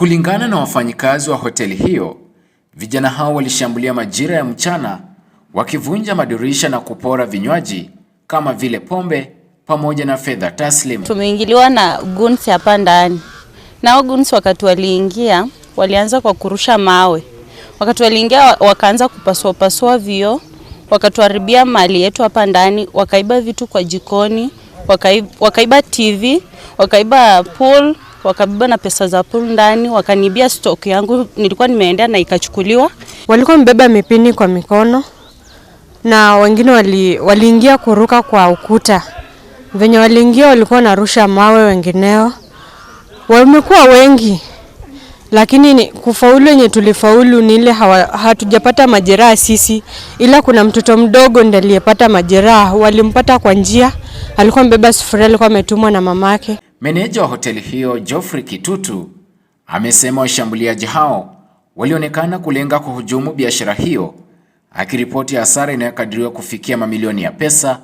Kulingana na wafanyikazi wa hoteli hiyo, vijana hao walishambulia majira ya mchana wakivunja madirisha na kupora vinywaji kama vile pombe pamoja na fedha taslim. Tumeingiliwa na guns hapa ndani, nao guns wakati waliingia walianza kwa kurusha mawe, wakati waliingia wakaanza kupasua pasua vio, wakatuharibia mali yetu hapa ndani, wakaiba vitu kwa jikoni, wakaiba, wakaiba TV, wakaiba pool wakabeba na pesa za pool ndani, wakanibia stock yangu nilikuwa nimeendea na ikachukuliwa. Walikuwa mbeba mipini kwa mikono na wengine wali, waliingia kuruka kwa ukuta. Venye waliingia walikuwa wanarusha mawe, wengineo wamekuwa wengi, lakini ni kufaulu yenye tulifaulu ni ile hatujapata majeraha sisi, ila kuna mtoto mdogo ndiye aliyepata majeraha. Walimpata kwa njia, alikuwa mbeba sufuria, alikuwa ametumwa na mamake. Meneja wa hoteli hiyo Geoffrey Kitutu amesema washambuliaji hao walionekana kulenga kuhujumu biashara hiyo, akiripoti hasara inayokadiriwa kufikia mamilioni ya pesa.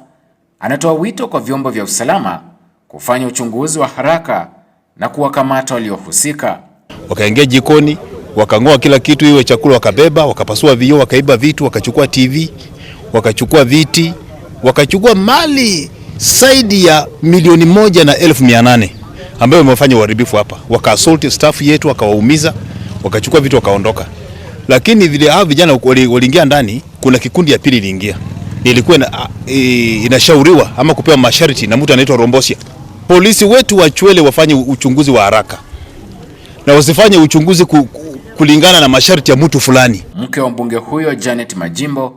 Anatoa wito kwa vyombo vya usalama kufanya uchunguzi wa haraka na kuwakamata waliohusika. Wakaingia jikoni, wakang'oa kila kitu, iwe chakula, wakabeba, wakapasua vioo, wakaiba vitu, wakachukua TV, wakachukua viti, wakachukua mali zaidi ya milioni moja na elfu mia nane ambayo wamefanya uharibifu hapa, wakaasolti staff yetu, wakawaumiza, wakachukua vitu, wakaondoka. Lakini vile hao vijana waliingia ndani, kuna kikundi ya pili iliingia, ilikuwa ina, inashauriwa ama kupewa masharti na mtu anaitwa Rombosia. Polisi wetu wachwele wafanye uchunguzi wa haraka na wasifanye uchunguzi ku, kulingana na masharti ya mtu fulani. Mke wa mbunge huyo Janet Majimbo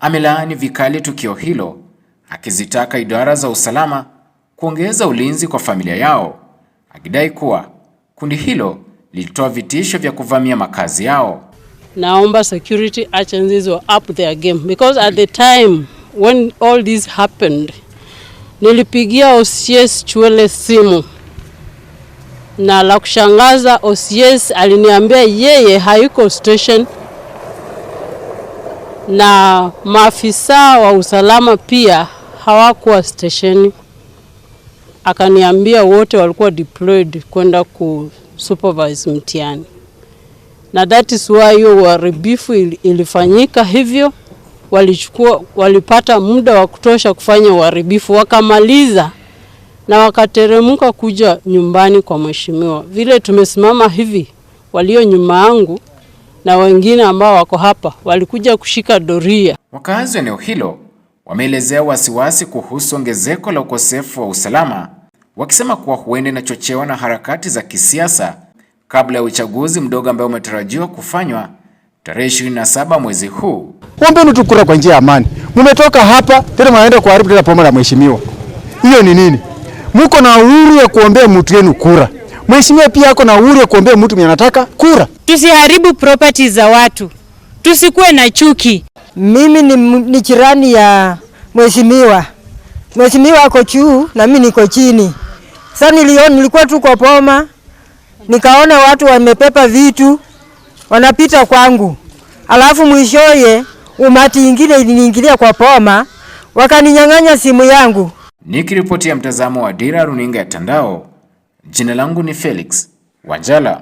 amelaani vikali tukio hilo akizitaka idara za usalama kuongeza ulinzi kwa familia yao, akidai kuwa kundi hilo lilitoa vitisho vya kuvamia makazi yao. Naomba security agencies were up their game because at the time when all this happened nilipigia OCS Chwele simu na la kushangaza, OCS aliniambia yeye hayuko station na maafisa wa usalama pia hawakuwa stesheni, akaniambia wote walikuwa deployed kwenda ku supervise mtihani, na that is why hiyo uharibifu ilifanyika hivyo. Walichukua, walipata muda wa kutosha kufanya uharibifu, wakamaliza na wakateremka kuja nyumbani kwa mheshimiwa. Vile tumesimama hivi, walio nyuma yangu na wengine ambao wako hapa walikuja kushika doria. Wakazi wa eneo hilo wameelezea wasiwasi kuhusu ongezeko la ukosefu wa usalama, wakisema kuwa huenda inachochewa na harakati za kisiasa kabla ya uchaguzi mdogo ambao umetarajiwa kufanywa tarehe 27 mwezi huu. Ombeni tu kura kwa njia ya amani. Mmetoka hapa tena mnaenda kuharibu tena pombe la mheshimiwa. Hiyo ni nini? Mko na uhuru ya kuombea mtu yenu kura. Mheshimiwa pia ako na uhuru ya kuombea mtu mwenye anataka kura. Tusiharibu property za watu, tusikuwe na chuki. Mimi ni, ni jirani ya mheshimiwa. Mheshimiwa ako juu na mimi niko chini. Sasa niliona nilikuwa tu kwa poma, nikaona watu wamepepa vitu wanapita kwangu, alafu mwishoye umati ingine iliniingilia kwa poma, wakaninyang'anya simu yangu. Nikiripoti ya mtazamo wa Dira Runinga ya Tandao, jina langu ni Felix Wanjala.